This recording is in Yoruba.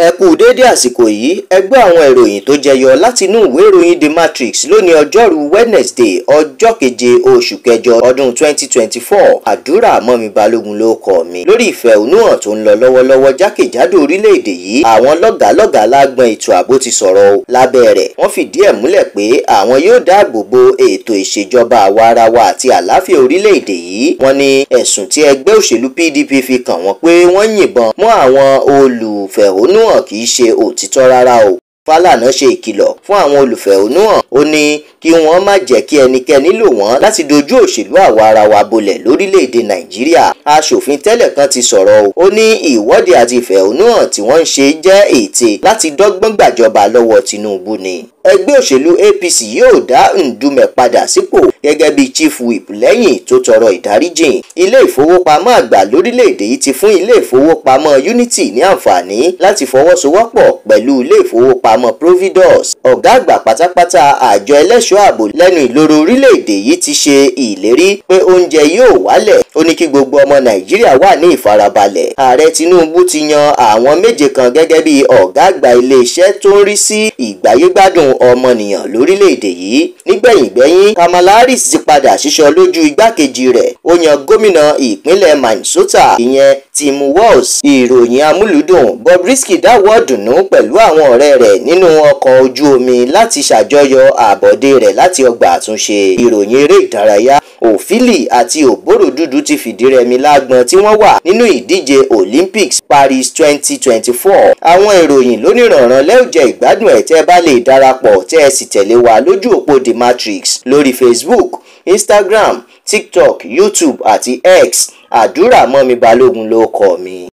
ẹ kú déédé àsìkò yìí ẹgbẹ́ àwọn ìròyìn tó jẹyọ látinú ìwé ìròyìn The Matrix lónìí ọjọ́rùú Wednesday ọjọ́ keje oṣù kẹjọ ọdún 2024 àdúrà mọ́mi balógun ló kọ́ mi lórí ìfẹ̀hónúhàn tó ń lọ lọ́wọ́lọ́wọ́ jákèjádò orílẹ̀-èdè yìí àwọn lọ́gàálọ́gàá lágbọn ètò ààbò ti sọ̀rọ̀ o lábẹ́ rẹ̀ wọ́n fìdí ẹ̀ múlẹ̀ pé àwọn yóò dáàbò bo ètò ìṣèjọba àwarawa àti àlàáfíà orílẹ̀-èdè yìí wọ́n ní ẹ̀sùn tí olùfẹ̀hónúhàn kì í ṣe òtítọ́ rárá o Fálànà ṣe ìkìlọ̀ fún àwọn olùfẹ̀hónúhàn ó ní kí wọ́n má jẹ́ kí ẹnikẹ́ni lò wọ́n láti dojú òṣèlú àwa ara wa bolẹ̀ lórílẹ̀‐èdè Nàìjíríà aṣòfin tẹ́lẹ̀ kan ti sọ̀rọ̀ o ó ní ìwọ́de àti ìfẹ̀hónúhàn tí wọ́n ń ṣe jẹ́ ète láti dọ́gbọ́n gbàjọba lọ́wọ́ Tinubu ni ẹgbẹ́ òṣèlú APC yóò dá Ndume padà sípò gẹ́gẹ́ bí chief whip lẹ́yìn tó tọrọ ìdáríjìn ilé ìfowópamọ́ àgbà lórílẹ̀‐èdè yìí ti fún ilé ìfowópamọ́ unity ní àǹfààní láti fọwọ́sowọ́pọ̀ pẹ̀lú ilé ìfowópamọ́ providus ọ̀gá àgbà pátápátá àjọ ẹlẹ́ṣọ́ ààbò lẹ́nu ìloro orílẹ̀‐èdè yìí ti ṣe ìlérí pé oúnjẹ yóò wálẹ̀ ó ní kí gbogbo ọmọ nàìjíríà wà ní ìfarabalẹ̀ ààrẹ tinubu ti yan àwọn méje kan gẹ́gẹ́ bí ọ̀gá àgbà iléeṣẹ́ tó ń rí sí ìgbáyégbádùn ọmọnìyàn lórílẹ̀‐èdè yìí nígbẹ̀yìngbẹ̀yìn kamala harris ti padà sísọ lójú igbákejì rẹ̀ ó yan gómìnà ìpínlẹ̀ minnesota ìyẹn Tim Walz. Ìròyìn amúlùdùn Bobrisky dáwọ́ dùnú pẹ̀lú àwọn ọ̀rẹ́ rẹ̀ nínú ọkọ̀ ojú omi láti ṣàjọyọ̀ àbọ̀dé rẹ̀ láti ọgbà àtúnṣe. Ìròyìn eré ìdárayá òfìlì àti òbórò dúdú ti fìdí rẹmi lágbọn tí wọ́n wà nínú ìdíje Olympics Paris 2024. Àwọn ìròyìn lóníranran lẹ́ọ̀jẹ̀ ìgbádùn ẹ̀ tẹ́ bá lè darapọ̀ tẹ́ ẹ sì tẹ̀lé wa lójú òpó The Matrix lórí Facebook, Instagram, TikTok, YouTube àti X àdúrà mọ́ mi balógun ló kọ mi.